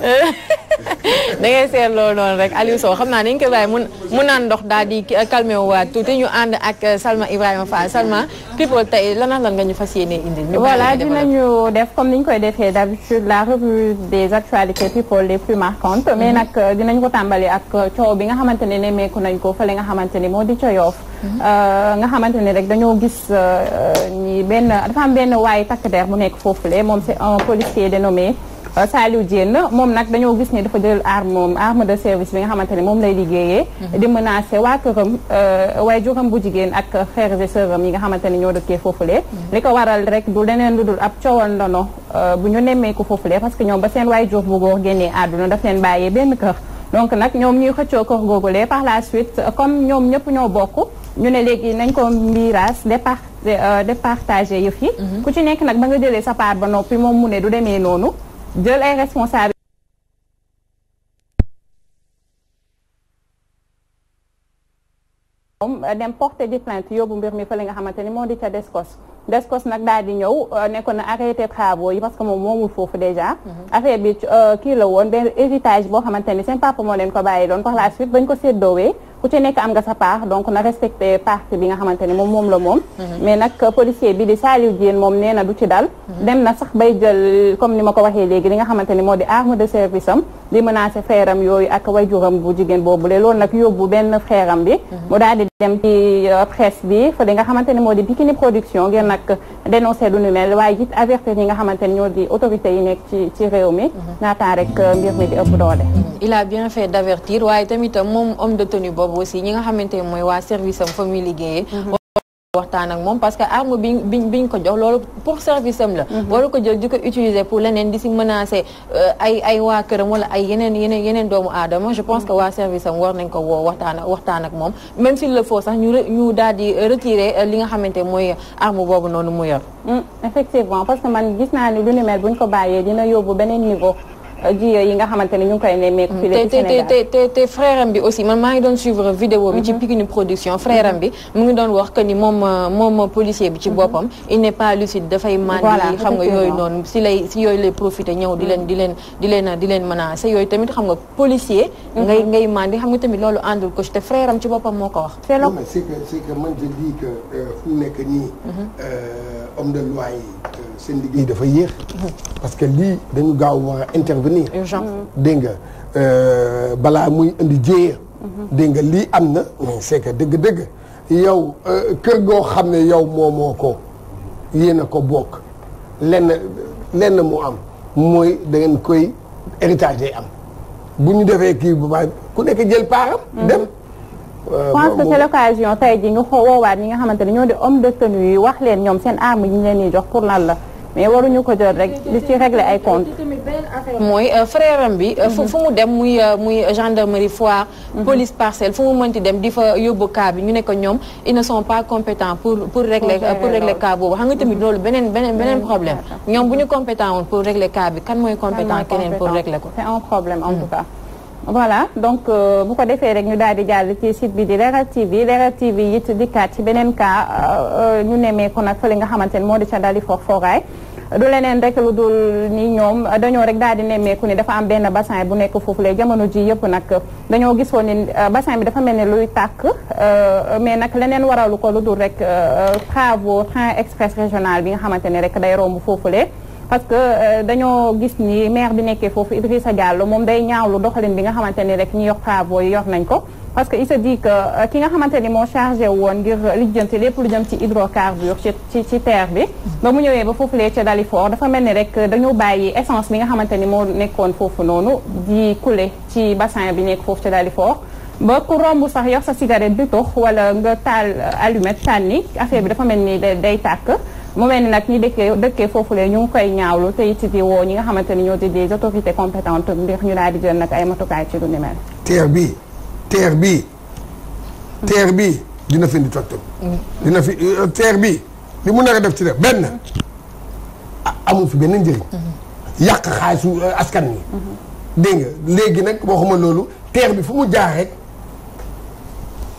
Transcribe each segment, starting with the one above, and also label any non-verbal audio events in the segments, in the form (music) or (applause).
(laughs) da ngay seetloo noonu rek Aliou Sow xam naa dañ koy bàyyi mu naan ndox daal di calmé waat tuuti ñu ànd ak Salma Ibrahima fa Salma people tey lan lan nga ñu fas yéenee indil. ñu voilà dinañu def comme ni ñu koy defee d'habitude la revue des actualités people les plus marquantes. Mhm. mais nag euh, dinañ ko tàmbali ak coow bi nga xamante ne nemmeeku nañ ko fële nga xamante ni moo di ca Yoff mhm. euh, nga xamante ne rek dañoo gis euh, ñi benn dafa am benn waaye takk der mu nekk foofu le moom c'est un policier dénommé. Euh, Saliou Diène moom nag dañoo gis ne dafa jël arme moom arme de service bi nga xamante ne moom lay liggéeyee mhm. di menacer waa këram euh, waaye juróom bu jigéen ak frères et sœurs yi nga xamante ne ñoo dëkkee foofulee mhm. li ko waral rek du leneen lu dul ab coowal ndono euh, bu ñu nemmeeku foofulee parce que ñoom ba seen waay jur bu góor génnee àdduna daf leen bàyyee benn kër donc nag ñoom ñuy xëccoo kër googulee par la suite comme ñoom ñëpp ñoo bokk ñu ne léegi nañ ko mbiiraas départ départagé yëf yi mhm. ku ci nekk nag ba nga jëlee sa part ba noppi moom mu ne du demee noonu jël ay responsable moom euh, dem porté ji plainte yóbbu mbir mi fële nga xamante ni moo di ca Descos Descos nag daal di ñëw euh, nekkoon na arrêté travaux yi parce que moom moomul foofu déjà mhm. affaire bi euh, kii la woon benn héritage boo xamante ni seen papa moo leen ko bàyyi doon par la suite bañ ko séddoowee ku ci nekk am nga sa part donc na respecté partie bi nga xamante ne moom moom la moom mhm. mais nag policier bi di Saliou Diène moom nee na du ci dal mhm. dem na sax bay jël comme ni ma ko waxee léegi li nga xamante ne moo di arme de service am di menacer frère am yooyu ak wajuram bu jigéen boobule loolu nag yóbbu benn frère am bi mhm. daal di dem ci euh, presse bi di nga xamante ne moo di Pikini Production ngir nag dénoncer du nu mel waaye it avertir ñi nga xamante ne ñoo di autorités yi nekk ci ci réew mi naataan rek euh, mbir mi di ëpp doole il a bien fait d'avertir waaye tamit moom de tenue boobu boobu aussi ñi nga xamante ne mooy waa service am fa muy liggéeyee mhm. waxtaan ko jox mhm. di ko utiliser pour leneen di si menacer euh, ay waa këram wala ay yeneen yeneen doomu aadama je pense que mhm. waa service war nañ ko waxtaan ak moom même s'il le faut sax ñu ñu retirer euh, li nga xamante mooy arme boobu noonu mu yor mm, effectivement parce que man gis naa ni lu ni mel buñ ko bàyyee dina yóbbu beneen niveau jiyo yi nga xamante ne ñu ngi te te te frère bi aussi man maa ngi doon suivre vidéo bi ci mhm. Pikini production frère am bi mu ngi doon wax que ni moom moom policier bi ci mhm. boppam il n'est pas lucide dafay mandi xam nga yooyu noonu si lay si yooyu lay profité ñëw di leen di leen di leen di leen menacé yooyu tamit xam nga policier mhm. ngay ngay di xam nga tamit loolu àndul ko te frère am ci boppam moo ko wax c'est que c'est que seen liggéey dafa yéex. parce que lii dañu gaaw a intervenir. dégg nga euh, balaa muy indi jéeya. dégg nga lii am na mais c'est dëgg-dëgg yow euh, kër goo xam ne yow moomoo ko yéen a ko bokk lenn lenn mu am mooy dangeen ngeen koy héritage day am bu ñu defee kii bu baax ku nekk jël paaram mhm. dem. je euh, pense que c'est l'occasion nga xamante ne ñoo di homme de yi seen ñu leen di jox pour lan la. mais waruñu ko jël rek di ci régler ay compte mooy euh, frère am bi euh, fu mu dem muy euh, muy gendarmerie foire mhm. police parcelle fu mu mënti dem di fa yóbbu cas bi ñu ne ñoom ils ne sont pas compétents pour pour régler pour régler cas boobu xam nga tamit mhm. loolu beneen beneen beneen mhm. problème ñoom bu ñu compétent woon pour régler cas bi kan mooy compétent keneen pour régler ko c'est un problème en tout voilà donc euh, bu ko defee rek ñu daal di jàll ci site bi di Leral TV Leral TV it dikkaat ci beneen kaa euh, ñu nemmeeku nag fële nga xamante ne moo di ca dali foofu foogaay du leneen rek lu dul ni ñoom dañoo rek daal di nemmeeku ni dafa am benn bassin bu nekk foofu lee jamono ji yëpp nag dañoo gisoon ni euh, bassin bi dafa mel ni luy tàkk mais nag leneen waralu ko lu dul rek travaux train express régional bi nga xamante ne rek day romb foofu lee parce que euh, dañoo gis ni maire bi nekkee foofu sa Diallo moom day ñaawlu doxalin bi nga xamante ni rek ñi yor travaux yi yor nañ ko parce que il se dit que euh, ki nga xamante ni moo chargé woon ngir lijjanti lépp lu jëm ci hydrocarbure ci ci ci terre bi ba mu ñëwee ba foofu lee ca Dalifort dafa mel ni rek dañoo bàyyi essence bi nga xamante ni moo nekkoon foofu noonu di couler ci bassin bi nekk foofu ca Dalifort ba ku romb sax yor sa cigarette di wala nga taal euh, allumette sànni affaire bi dafa mel ni day tàkk mu mel ni nag ñi dëkkee dëkkee foofulee ñu ngi koy ñaawlu te it di woo ñi nga xamante ni ñoo di des autorités compétentes ndax ñu daal di jël nag ay matukaay ci lu ni mel. TER bi TER bi mm. TER bi dina fi indi toj-toj. Mm. dina fi euh, TER bi li mu nar a def ci def benn amul fi benn njëriñ. Mm-hmm. yàq xaalisu euh, askan wi. Mm-hmm. dégg nga léegi nag waxuma loolu TER bi fu mu jaar rek.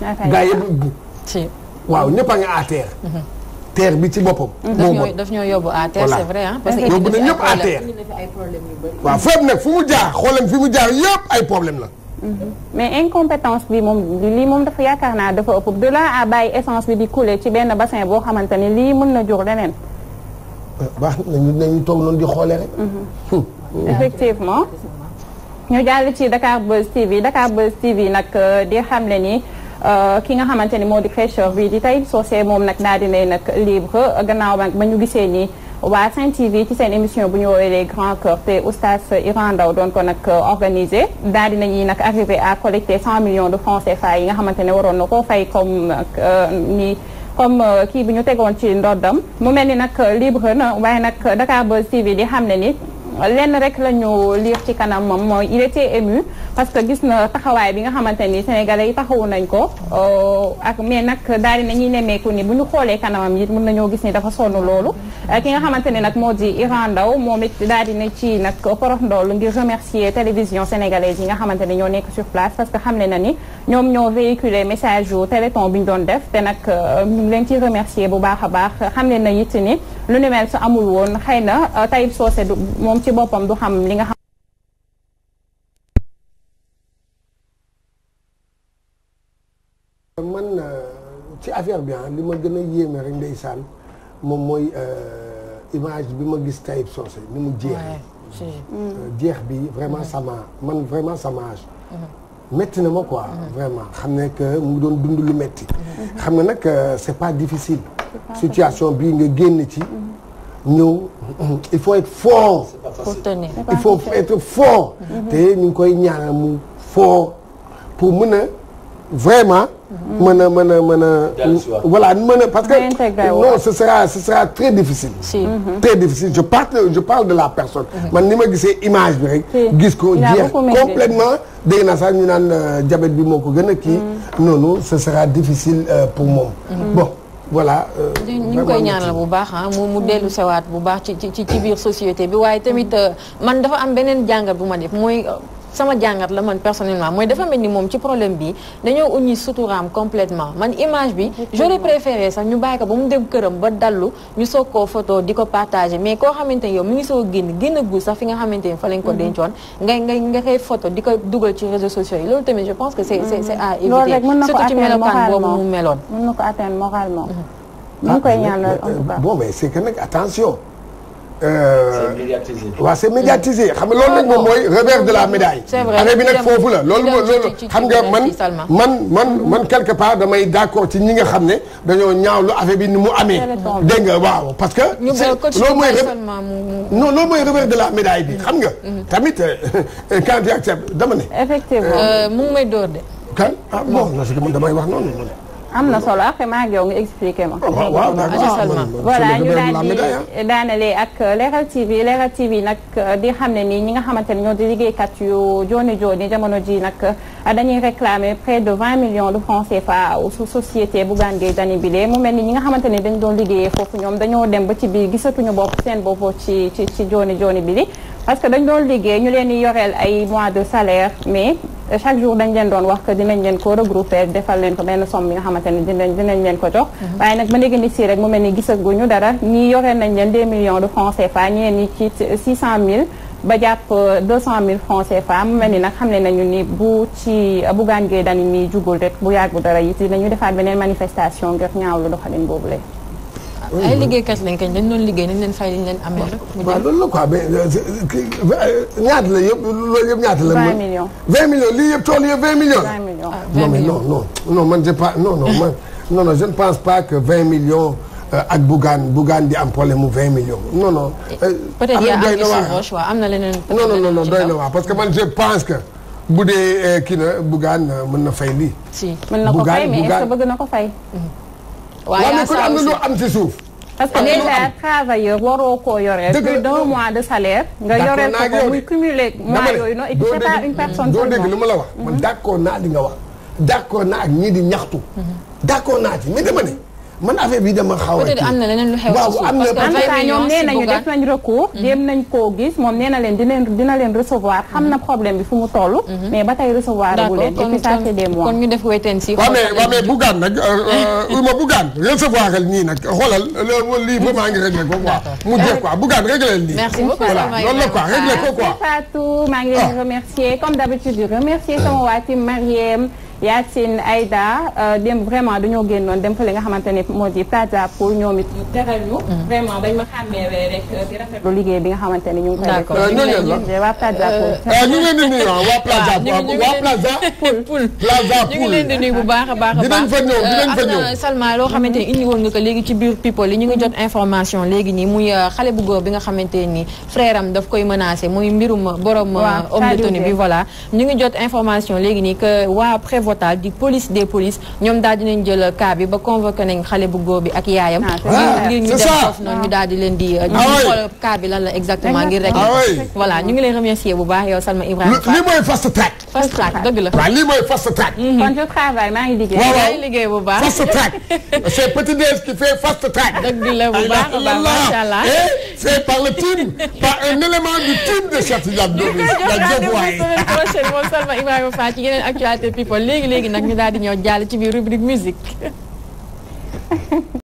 gaa yëpp waaw ñëpp a nga à TER. Mm-hmm. terre bi ci boppam. Mm-hmm. moo bon daf ñoo yóbbu à terre c'est vrai hein. parce que yóbbu na à terre waaw fépp nag fu mu jaar xoolam fi mu jaar yëpp ay problème la. Mm-hmm. mais incompétence bi moom lii moom dafa yaakaar naa dafa ëpp de là à bàyyi essence bi di couler ci benn bassin boo xamante ne lii mën na jur leneen. Euh, baax na nañu toog noonu di xoolee rek. Mm-hmm. Hmm. effectivement. ñu jàll ci Dakar Buzz TV Dakar Buzz TV nag euh, di xamle ni. Euh, ki nga xamante ni moo di crècheur bi di tey soosee moom nag daal dinay nag libre gannaaw nag ba ñu gisee nii waa Sen TV ci seen émission bu ñu woowee les grands cœurs te oustaz Iran Ndaw doon ko nag euh, organisé daal dinañuy nag arrivé à collecter 100 millions de francs CFA yi nga xamante ne waroon na koo fay comme euh, ni comme kii bi ñu tegoon ci ndoddam mu mel ni nag libre na waaye nag Dakar Buzz TV di xam ne ni lenn rek la ñu liir ci kanam moom mooy il était ému parce que gis na taxawaay bi nga xamante ni sénégalais yi taxawu nañ ko euh, ak mais nag daal di nañuy nemmeeku ni bu ñu xoolee kanamam it mën nañoo gis ni dafa sonn loolu euh, ki nga xamante ne nag moo di Iran Ndaw moom it daal di na ci nag porox ndoolu ngir remercier télévision sénégalaise yi nga xamante ne ñoo nekk sur place parce que xam ne na ni ñoom ñoo véhiculer message yu téléthon bi ñu doon def te nag euh, ñu ngi leen ciy remercier bu baax a baax xam ne na it ni lu ni mel su amul woon xëy na euh, Taïb Socé du moom ci boppam du xam li nga xam. man euh, ci affaire bien ah, li ma gën a yéeme rek ndeysaan moom mooy euh, image bi ma gis Taïb Socé ni mu jeexee. jeex bi vraiment sama man vraiment sama âge. metti na ma quoi. vraiment xam ne que mu doon dund lu metti. xam nga nag c'est pas difficile. situation bii nga génn ci mm-hmm. ñëw il faut être fort pour il faut être fort mm-hmm. te ñu koy ñaanal mu fort pour mën a vraiment mm-hmm. mën a mën a mën a voilà mën a parce que non ce sera ce sera très difficile si. très je parle de la personne man ni ma gisee image bi rek gis ko jeex complètement dégg naa sax ñu naan euh, diabète bi moo ko gën a kii non non ce sera difficile euh, pour moom voilà. Euh, ñu ngi koy ñaanal bu baax ah mu mu dellu sewaat bu baax ci ci ci biir société bi waaye tamit euh, man dafa am beneen jàngat bu ma def mooy. Euh, sama jàngat la man personnellement mooy dafa mel ni moom ci problème bi dañoo uñi suturaam complètement man image bi j'aurais préféré sax ñu bàyyi ko ba mu dem këram ba dallu ñu soog koo photo di ko partagé mais koo xamante ne yow mi ngi soo génn génn gul sax fi nga xamante ni fa lañ ko mhm. dencoon ngay ngay nga koy photo di ko dugal ci réseaux sociaux yi loolu tamit je pense que c'est c'est mhm. c'est à surtout ci melokaan boobu mu meloon mën na ko atteindre moralement mhm. koy ah, ñaanal en tout cas Euh, c'est médiatisé. waaw c'est médiatisé xam nga loolu moom mooy revers de la médaille. c'est vrai année bi nag foofu loolu mooy loolu xam nga man man man man quelque part damay d'accord ci ñi nga xam ne dañoo ñaawlu affaire bi ni mu amee. dégg nga waaw parce que. ñu loolu mooy non loolu mooy revers de la médaille bi mm-hmm. xam nga. Mm-hmm. tamit euh, quand tu acceptes dama ne. effectivement euh, mu ngi may door de. kan ah bon wax noonu. am na solo après maa ngi yow nga expliqué ma. Oh, waaw ah, voilà ñu daal di daanalee ak Leral TV Leral TV nag euh, di xam ne ni ñi nga xamante ne ñoo di liggéey liggéeykat yu jooni jooni jamono ji nag euh, dañuy réclamer près de 20 millions de francs CFA su société Bougane Gueye Dany bi de mu mel ni ñi nga xamante ne dañ doon liggéeyee foofu ñoom dañoo dem ba ci biir gisatuñu bopp seen bopp ci ci ci jooni jooni bi li parce que dañ doon liggéey ñu leen di yoreel ay mois de salaire mais. Euh, chaque jour dañ leen doon wax que dinañ leen ko regrouper defal leen ko benn somme bi nga xamante ne dinañ dinañ leen ko jox mhm. waaye nag ba léegi ni si rek mu mel ni gisaguñu dara ñii yoree nañ leen 2 millions de francs CFA ñeneen ñi ci 600 000 ba jàpp 200 euh, 000 francs CFA mu mel ni nag xam ne nañu ni bu ci bu gaan gee dani mi jugul rek bu yàggu dara yi it dinañu defaat beneen manifestation ngir ñaawlu doxalin boobu lay ay liggéeykat lañ kañ dañ doon liggéey nañ leen fay liñ leen amee rek. mu waaw loolu la quoi mais euh, euh, euh, ñaata la yëpp loolu yëpp ñaata la. 20 millions 20 millions lii yëpp tool yëpp 20 millions. 20 millions ah, non mais non non non man je pas non non man non non je ne pense pas que 20 millions. ak Bougane Bougane di am problème mu 20 millions. non non. Eh, peut-être yaa am na am na leneen. non non non doy na waa parce que man je pense que. bu dee kii na Bougane mën na fay lii. si mën na ko fay mais est-ce que bëgg na ko fay. Mm-hmm. waaye am na lu am si suuf. parce que déjà travailleur waroo koo yore. plus d'un mois de salaire. nga yoreel ko ba muy cumulé mois yooyu noonu. et puis c'est pas une personne doo dégg li ma la wax. man d'accord naa li nga wax. d'accord naa ak ñii di ñaxtu. Mm-hmm. d'accord naa ci mais dama ne. man affaire bi dama xaw a. peut-être am na leneen lu xew waaw am na parce que ñoom nee nañu def nañ recours. Mhm. jéem nañ koo gis moom nee na leen dina dina leen recevoir mhm. xam na problème bi fu mu toll. Mhm. mais ba tey recevoir bu leen. et puis ça fait des mois kon ñu def wait and see. waaw mais waaw mais Bougane nag euh, euh, ma Bougane recevoir al nii nag xoolal lii ba maa ngi réglé ko quoi. mu jeex quoi Bougane réglé nii. merci beaucoup voilà loolu la quoi réglé ko quoi. Fatou maa ngi leen ah. di remercier comme d'habitude di remercier sama ah. waa team Mariem Yacine Aïda euh, démb vraiment dañoo génnoon dem fële nga xamante ne moo di Plaza pour ñoom it ñu teral ñu. Mm-hmm. vraiment bañ euh, bi nga xamante ne ñu ngi koy def. d'accord ñu ngi euh, leen waa Plaza pour. ñu ngi leen di bu baax a baax a baax. dinañ fa ñëw dinañ fa ñëw am loo xamante ni mm-hmm. indi woon nga ko léegi ci biir people yi ñu ngi jot information léegi nii muy xale bu góor bi nga xamante ni frère am daf koy menacé muy mbirum borom homme de tenue bi voilà ñu ngi jot information léegi nii que waa prévoit reportage di police des polices ñoom daal dinañ jël cas bi ba convoqué nañ xale bu góor bi ak yaayam ah, ngir ñu dem foofu noonu ñu di ñu euh, ah xool cas lan la exactement ngir rek ah voilà ñu ngi lay remercier bu baax yow Salma Ibrahima lii mooy fast track fast track dëgg la waaw lii mooy fast track mhm. kon je travaille maa ngi liggéey maa ngi liggéey bu baax fast track c'est petit déj qui la bu baax a baax macha allah et c'est par le team par un élément du team de Cheikh Tidiane Ndoye la Diouf waay prochaine moom Salma Ibrahima Fall ci yeneen léegi léegi nag ñu daal di ñëw jàll ci biir rubrique musique (laughs)